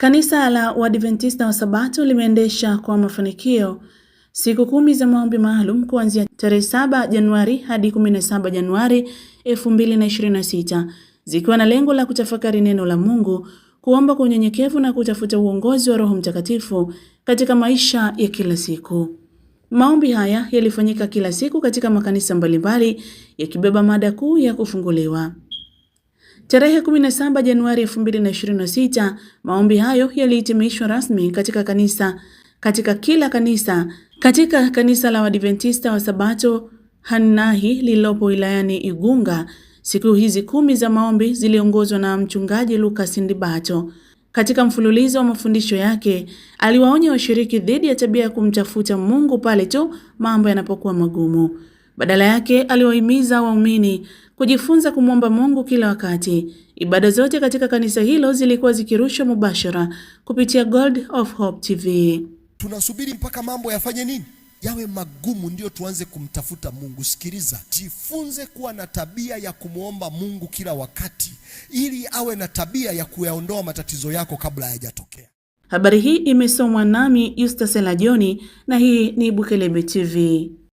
Kanisa la Waadventista wa Sabato limeendesha kwa mafanikio siku kumi za maombi maalum kuanzia tarehe 7 Januari hadi 17 Januari 2026 zikiwa na lengo la kutafakari neno la Mungu, kuomba kwa unyenyekevu na kutafuta uongozi wa Roho Mtakatifu katika maisha ya kila siku. Maombi haya yalifanyika kila siku katika makanisa mbalimbali yakibeba mada kuu ya kufunguliwa. Tarehe 17 Januari 2026, maombi hayo yalihitimishwa rasmi katika kanisa katika kila kanisa katika kanisa la wadventista wa Sabato Hannahi lililopo wilayani Igunga. Siku hizi kumi za maombi ziliongozwa na Mchungaji Lucas Ndibato. Katika mfululizo wa mafundisho yake, aliwaonya washiriki dhidi ya tabia ya kumtafuta Mungu pale tu mambo yanapokuwa magumu. Badala yake, aliwahimiza waumini kujifunza kumwomba Mungu kila wakati. Ibada zote katika kanisa hilo zilikuwa zikirushwa mubashara kupitia Gold of Hope TV. Tunasubiri mpaka mambo yafanye nini? Yawe magumu ndio tuanze kumtafuta Mungu. Sikiliza, jifunze kuwa na tabia ya kumwomba Mungu kila wakati ili awe na tabia ya kuyaondoa matatizo yako kabla hayajatokea. Habari hii imesomwa nami Yustasela Joni na hii ni Bukelebe TV.